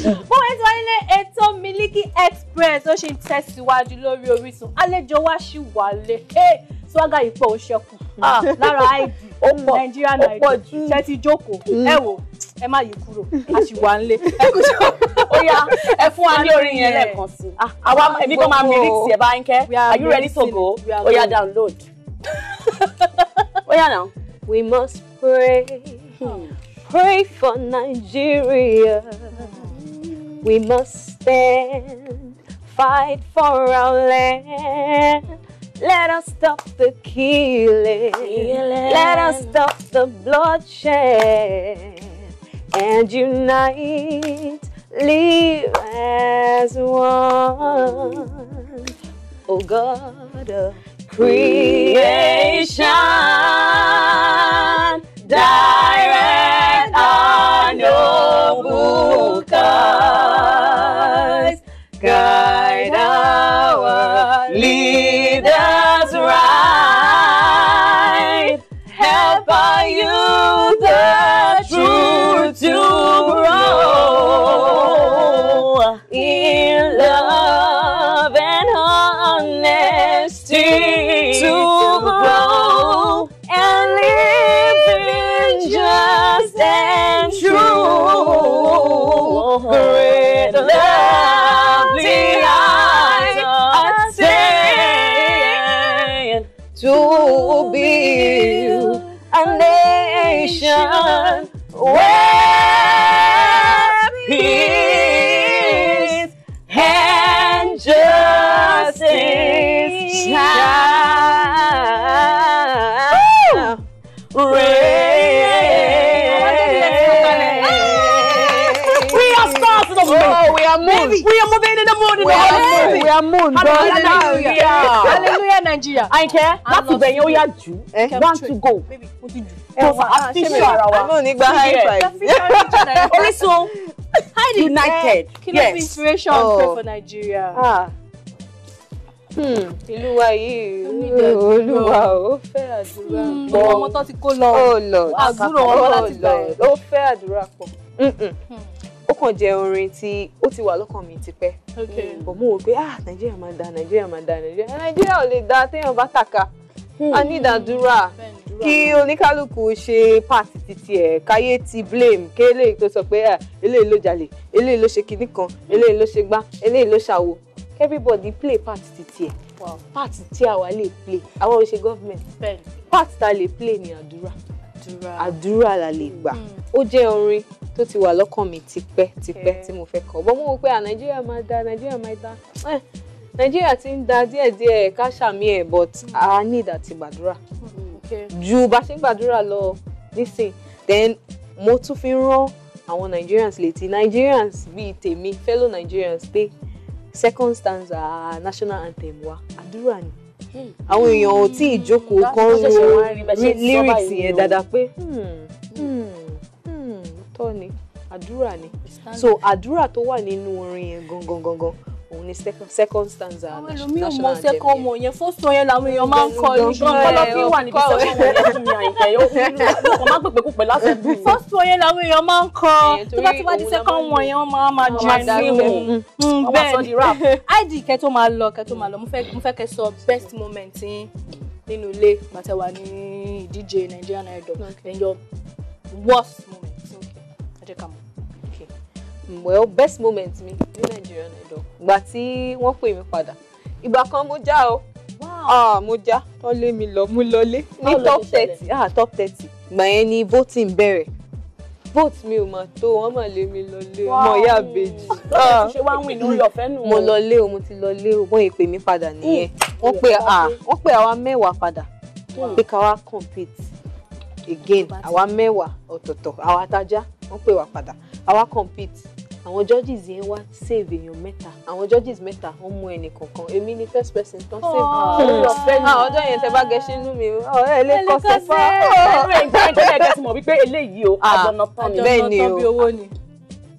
fún ètò ayẹlẹ ètò Miliki Express ó ṣe ń tẹ̀síwájú lórí Orísun àlejò wa ṣì wà lé swaga ìpọ̀ òṣẹ́kù ah. lára id mm, Nigeria naira ṣe ti jókòó mm. ẹ wò ẹ má yí kúrò a sì wà nílé ẹ kú sí ó yá ẹ fún wa ní orin yẹn lẹ́ẹ̀kan sí ah, àwa ah, èmi kan máa mìíràn sí ẹ bá ń kẹ́ are you ready to go ó yá download ó yá now. we must pray. Hmm. Pray for Nigeria. We must stand, fight for our land. Let us stop the killing. Let us stop the bloodshed and unite, live as one. Oh God of creation, die. boca. moon in the holy we are moon god hallelujah hallelujah nigeria àyìnkẹ́ láti bẹ̀ yẹn ó yá jù one eh? two go ẹwà àfihàn ara wa àmọ́ nígbà high united eh, yes inspiration oh. for nigeria. Ah. Hmm. ìlú wa yìí oh, olúwa ó fẹ́ àdúrà hmm, pọ̀ ọmọ tó ti kó lọ oh, àbúrò wọn láti gbà ẹ̀ ó fẹ́ àdúrà pọ̀ kàn jẹ́ orin tí ó ti wà lọ́kàn mi tipẹ́ hmm, bọ̀ mo wò pé ah nàìjíríà máa da nàìjíríà máa da nàìjíríà nàìjíríà ò lè da téèyàn bá tàka hmm. a ní ìdádúrà kí oníkálukú ṣe pàtì títí ẹ̀ káyé ti blame kí eléyìí tó sọ pé ah, eléyìí ló jalè eléyìí ló ṣe kinní kan eléyìí ló ṣe gbá eléyìí ló ṣàwo everybody play part títí ẹ̀ part tí àwa lè play àwa ò ṣe government part tá lè play ni àdúrà àdúrà la lè gbà hmm. ó jẹ́ orin tó ti wà lọ́kàn mi tipẹ́ tipẹ́ tí mo fẹ́ kọ bọ́ mo wò pé à nàìjíríà máa da nàìjíríà máa da eh, nàìjíríà ti ń da díẹ̀díẹ̀ ká ṣàmì ẹ̀ but a need àti gbàdúrà ju bá ṣe ń gbàdúrà lọ nísìn then mo tún fi rán àwọn nigerians létí nigerians bíi tèmi fellow nigerians pé second stanza national anthem wa àdúrà ni àwọn èèyàn ò tí ì jókòó kan ro lyrics yẹn dáadáa pé hmm, hmm, hmm, tọ́ ni àdúrà ni so àdúrà tó wà nínú orin yẹn gangan gangan òun ni second stanza national anthem yẹn. ọmọ yẹn fóso yẹn làwọn èèyàn máa ń kọ ní kọlọ́fín wà níbi sẹ́kọ̀ọ́ yẹn lẹ́sìn mi àyìnkẹ́ yóò fi lù kọ́ má gbègbè púpẹ̀ lásìkò. fóso yẹn làwọn èèyàn máa ń kọ tó bá ti wá di second wọn yẹn wọ́n máa máa jẹ ní mm-hmm. bẹ́ẹ̀ id kẹ́ tó máa lọ kẹ́ tó máa lọ mo fẹ́ kẹ́ sọ best moment yín nínú ilé gbàtẹ́wà ní ìdíje Nigerian Idol then your worst moment ẹ jẹ́ ká mọ̀ well best moment mi ní Nigerian Idol ìgbà tí wọ́n pè mí padà ìgbà kan mo já o ah mo já wọ́n lé mi lọ mú lọlé ní top thirty ah top thirty ìgbà yẹn ni voting bẹ̀rẹ̀ vote mi ò máa tó wọ́n máa lé mi lọlé ah. Mo ìyá àbèjì ṣé wàá wìn ní olùfẹ́ nù. mo lọlé o mo ti lọlé o wọ́n èpè mi padà nìyẹn wọ́n pè wọ́n pè àwa mẹ́wàá padà pé ká wá compete again àwa mẹ́wàá ọ̀tọ̀ọ̀tọ̀ àwa tájá wọ́n pè wá padà àwa compete àwọn judges yẹn wá save èèyàn mẹ́ta àwọn judges mẹ́ta wọ́n mú ẹnì kọ̀ọ̀kan èmi ni first person tán save ah, ọjọ́ yẹn tẹ bá gẹṣin nú mi ọ̀rẹ́ oh, ẹ lè kọ́ sẹ́fà ẹgbẹ́ ìgbẹ́ ẹgbẹ́ ti mọ̀ wípé eléyìí o ah, àjọ̀nà tán ni bẹ́ẹ̀ ni o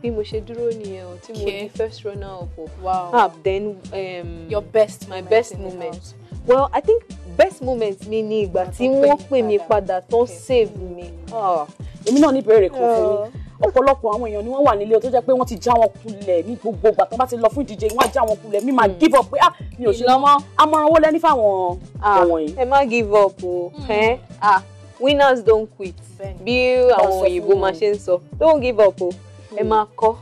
bí mo ṣe dúró nìyẹn o tí mo di first runner up o wow ah then um, your best my best moment well i think best moment mi ni ìgbà tí wọ́n pè mí padà tó save mi. Ah, èmi náà ní ìbéèrè kan fún mi ọ̀pọ̀lọpọ̀ àwọn èèyàn ni wọ́n wà nílé tó jẹ́ pé wọ́n ti já wọn kulẹ̀ ní gbogbo ìgbà tó bá ti lọ fún ìdíje wọ́n á já wọn kulẹ̀ mi máa give up pé ah mi ò ṣe lọ́mọ́ amọ̀ràn wo lẹ́ni fáwọn àwọn ah, yìí. ẹ má give up o hmm. ah winners don't quit bí àwọn òyìnbó máa ṣe ń sọ don't give up o ẹ hmm. máa kọ́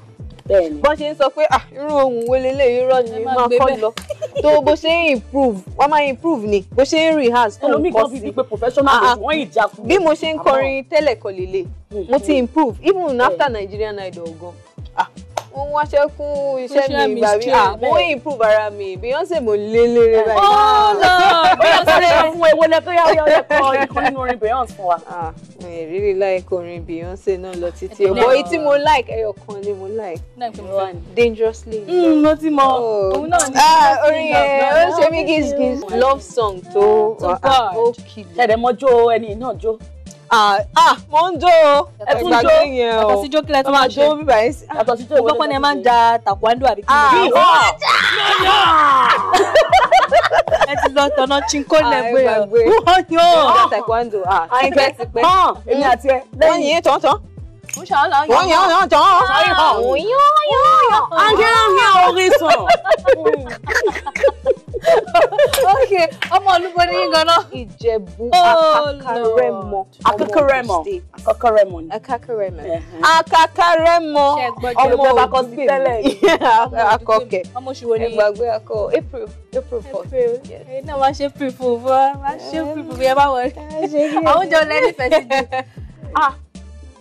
bọ́n ṣe ń sọ pé ah irú ohun wo leléyìí rọ́ ni máa kọ́ lọ tó bó ṣe ń improve wọ́n máa improve ni bó ṣe ń rehearse tó ń kọ́ sí ah, ah. bí mo ṣe ń kọrin tẹ́lẹ̀ kọ́ lélẹ̀ hmm. mo ti improve even hmm. after Nigerian Idol gan wọ́n ah, wá ṣẹ́kún iṣẹ́ mi ìgbà mi mo ń improve ara mi Beyonce mo lé léré eh. báyìí. ó lọ bóyá sáré ọ̀nà tó yá ọ̀yà ọ̀yà kọ ìkan nínú orin Beyonce fún wa. Ah, mi ì rí rí like orin Beyonce náà lọ títí ẹ̀ bọ́ èyí tí mo like ẹyọ kan ni mo like dangerously. Mm, mo ti mọ oh. òun náà ni ah, orin yẹn ó ṣe mí gizgiz love song tó ah, ó kìlọ̀. ẹ̀rẹ̀mọ́jọ́ ẹni náà jó ah mo ń jó o ẹ tún jó yàtọ̀ sí jó kílẹ̀ tó máa jó bíbá yín sí. yàtọ̀ sí jó ìwé tó máa ni ẹ máa ń ja taekwondo àbí kí ni ẹ ti lọ tọ̀nà chinko ah, lẹ́gbẹ́ ẹ̀ wọ́n yọ. ọ̀hún taekwondo ẹgbẹ́ ti pẹ́ èmi àti ẹ lẹ́yìn yìí tọ̀ntọ̀n. wọ́n yàn yàn tán. wọ́n yàn yàn. àǹkẹ́rẹ́ ń hẹ́ orí sàn. ṣe ọmọ olúbo ní yín ganan. ìjẹ̀bú oh, akakarẹ́mọ akakarẹ́mọ akakarẹ́mọ ni. akakarẹ́mọ akakarẹ́mọ ọmọ òbí mi tẹ́lẹ̀ akọkẹ. ọmọ oṣù wo ni ìgbàgbé akọ april april fourth. èyí náà wá ṣe april fool fún wa wá ṣe april fool yẹn bá wọlé àwọn oúnjẹ olẹ́ni fẹ́ sí jù. ah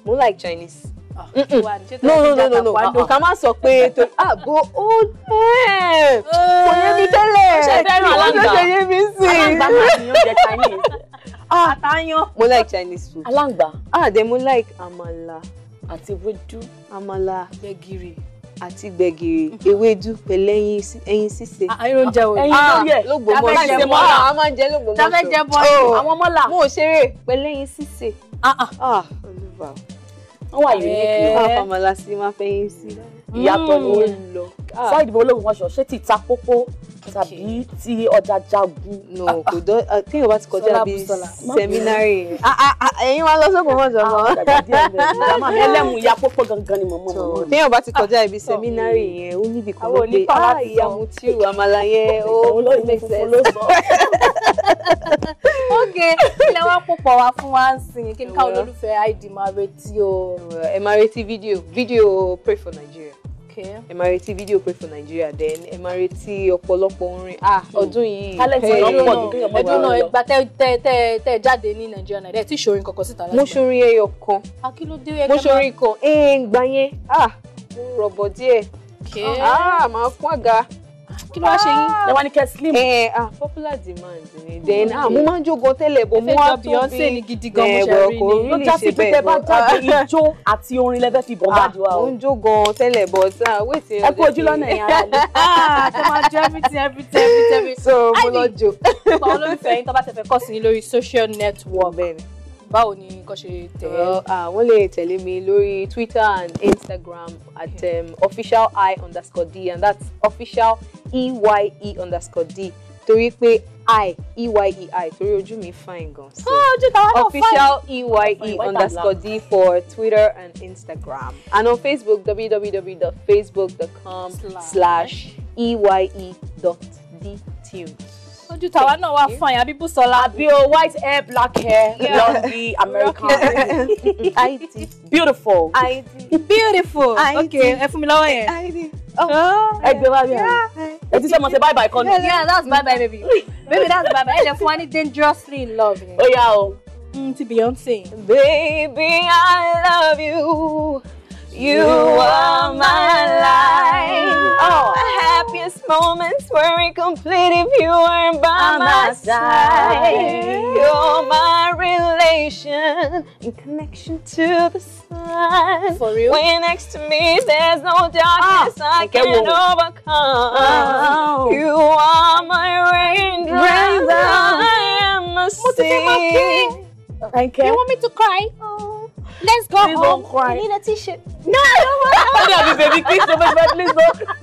mo like Chinese no no no no no ká má sọ pé ètò ààbò ah, ó dẹ̀ kò yé mi tẹ́lẹ̀ kí ló ṣe yé mi sí. alángbá máa ń yan jẹ chinese ah. àtàyàn. mo like chinese food. alángbá. ah then mo like àmàlà. àti ewédú. àmàlà. gbẹ̀gìrì àti gbẹ̀gìrì ewédú pẹ̀lú ẹyin sísè. ayé ah, oúnjẹ o ẹyin tó yẹ lógbòmọṣọ tafẹ jẹ bọlá a máa ń jẹ lógbòmọṣọ tafẹ jẹ bọlá oh. àwọn mọlà. mo ò ṣeré pẹ̀lú ẹyin sísè wọ́n wà unique eh. hmm. lọ. bá a fọmọ la sí máa fẹ́ sí. ìyàtọ̀ ni ó lọ. fún ìdìbò olóògùn wọn ṣọ ṣé ti ta kókó tàbí ti ọjà jagun. no kò dọ kéèyàn uh, bá ti kọjá bí seminary ah, ah, ah, ẹyin wa lọ sókun mọ jọmọ. màmá mi ẹlẹ́mu ya pọ́pọ́ gangan ni màmá mi. kéèyàn bá ti kọjá ibi seminary yẹn ó níbi kan ló pé ah ìyá mu tí o àmàlà yẹn ó make sense. ok ilẹ̀ wa púpọ̀ wá fún wa ń sìn kí n ká olólùfẹ́ id máa retí o. ẹ máa retí fídíò fídíò pray for Nigeria okay. ẹ máa retí fídíò pé for Nigeria then ẹ máa retí ọ̀pọ̀lọpọ̀ orin ah ọdún yìí talent ọ̀pọ̀ ọdún náà ọdún náà ìgbà tẹ tẹ tẹ tẹ jáde ní Nigeria náà ẹ ti ṣorin kankan síta láti. mo ṣorin ẹyọ kan mo ṣorin kan ẹ eh, ń gbà yẹn ah mo rọ̀bọ̀ díẹ̀ ah máa fún àga kí ló wá ṣe yín lẹ́wà ah! ní kẹ́ slim. ẹ eh, eh, ah popular demand ni then ah mo máa ń jókòó tẹ́lẹ̀ bó mo wá tó bí Beyonce ni gidi gan mo eh, ṣe rí ni ló já sí pé tẹ́ bá jáde ijó àti orin lẹ́fẹ́ fi bọ̀ ah, bá diwa o. mo ń jókòó tẹ́lẹ̀ bọ̀ tá a ah, wait ẹ kú ojú lọ́nà ẹ̀yà rẹ̀. ṣé máa jẹ́ everything everything everything. so mo lọ jò. àwọn olólùfẹ́ yín tó bá tẹ̀ kọ́ sí ní lórí social network báwo ni nǹkan ṣe tẹ̀ ẹ́. àwọn ah, lè tẹ̀lé mi lórí Twitter and Instagram at hmm. um, official i underscore d and that's official eye e underscore d torí pé i eyei torí ojú mi fine gan so ah, official eyei e e underscore d for Twitter and Instagram and on Facebook www.facebook.com slash eyei dot d tune ojú tàwa náà wà fine àbí bùsọ̀lá. àbí o white hair black hair yeah. blondie american id beautiful id beautiful okay ẹ fún mi lọ́wọ́ yẹn oh. Oh. ẹ gbé wá bí ẹ ti sọ mo ṣe bye bye kọ́nù. yeah that's mm. bye bye baby baby that's bye bye ẹ lè fún wa ní dangerously in love. ó yá o. ti Beyonce. baby i love you you are my life. Oh. happiest moments were incomplete if you weren't by, by my, my side. You're my relation in connection to the sun. For real? When next to me there's no darkness ah, I can overcome. Oh. You are my raindrop. Raindrop. I am a sea. Okay. You want me to cry? Oh. Let's go Please home. Don't cry. You need a t-shirt. No, I don't want. baby, baby, please don't. Please don't.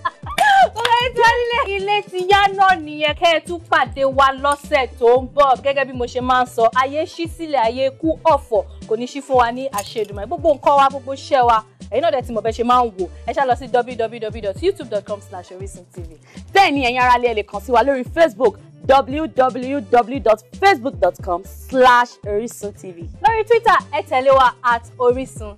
ọ̀rọ̀ ètò ilé ilé ti yá náà nìyẹn kẹ́ ẹ tún pàdé wa lọ́sẹ̀ tó ń bọ̀ gẹ́gẹ́ bí mo ṣe máa ń sọ ayé ṣí sílẹ̀ ayé kú ọ̀fọ̀ kò ní ṣí fún wa ní àṣedùnmọ̀ gbogbo nǹkan wa gbogbo iṣẹ́ wa ẹ̀yin náà dẹ̀ ti mọ̀ bẹ́ẹ̀ ṣe máa ń wò ẹ ṣá lọ sí www.youtube.com/orisuntv bẹ́ẹ̀ ni ẹ̀yin aráalé ẹ lè kàn sí wa lórí facebook www.facebook.com slash orisun lórí twitter ẹ tẹ̀lé wa at orisun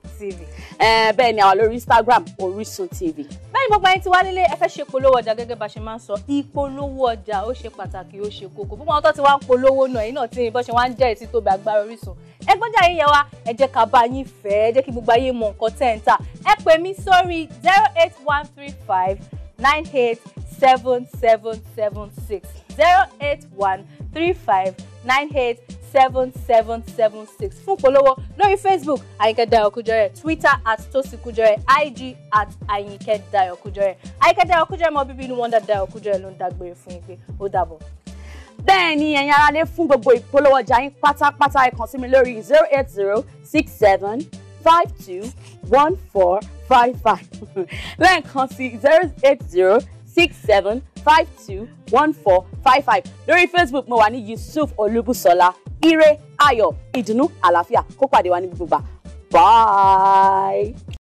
bẹ́ẹ̀ ni àwa lórí instagram orisun tv. bẹ́ẹ̀ ni gbogbo ẹni tí wá nílé ẹ fẹ́ ṣe polówó ọjà gẹ́gẹ́ bá ṣe máa ń sọ ìpolówó ọjà ó ṣe pàtàkì ó ṣe kókó gbogbo àwọn tó ti wá ń polówó náà yìí náà tí ìbọn ṣe wá ń jẹ́ ètí tóbi agbára orísun ẹgbọ́njà yín yẹ wa ẹ jẹ́ ká bá yín fẹ́ ẹ jẹ́ kí gbogbo ayé mọ nǹkan tẹ́ ń tà ẹ pè mí sórí zero eight one three five nine eight 7776 081 35 98 7776 fún polówó lórí facebook Àyìnkẹ́ Dayọ̀ twitter at Tosin ig at Àyìnkẹ́ Dayọ̀ Kújọrẹ̀ Àyìnkẹ́ Dayọ̀ Kújọrẹ̀ mọ bíbí inú Wonder Dayọ̀ Kújọrẹ̀ ló ń dágbére fún yín pé ó dàbọ̀. bẹ́ẹ̀ ni ẹ̀yin aráalé fún gbogbo ìpolówó ọjà yín pátápátá ẹ kàn sí mi lórí zero eight zero six seven five two one four five five lẹ́ẹ̀kan sí zero eight zero six seven five two one four five five lórí facebook mo wà ní yusuf olúbùsọlá ire ayọ̀ ìdùnnú àlàáfíà kó pàdé wa ní gbogbo gbà bye.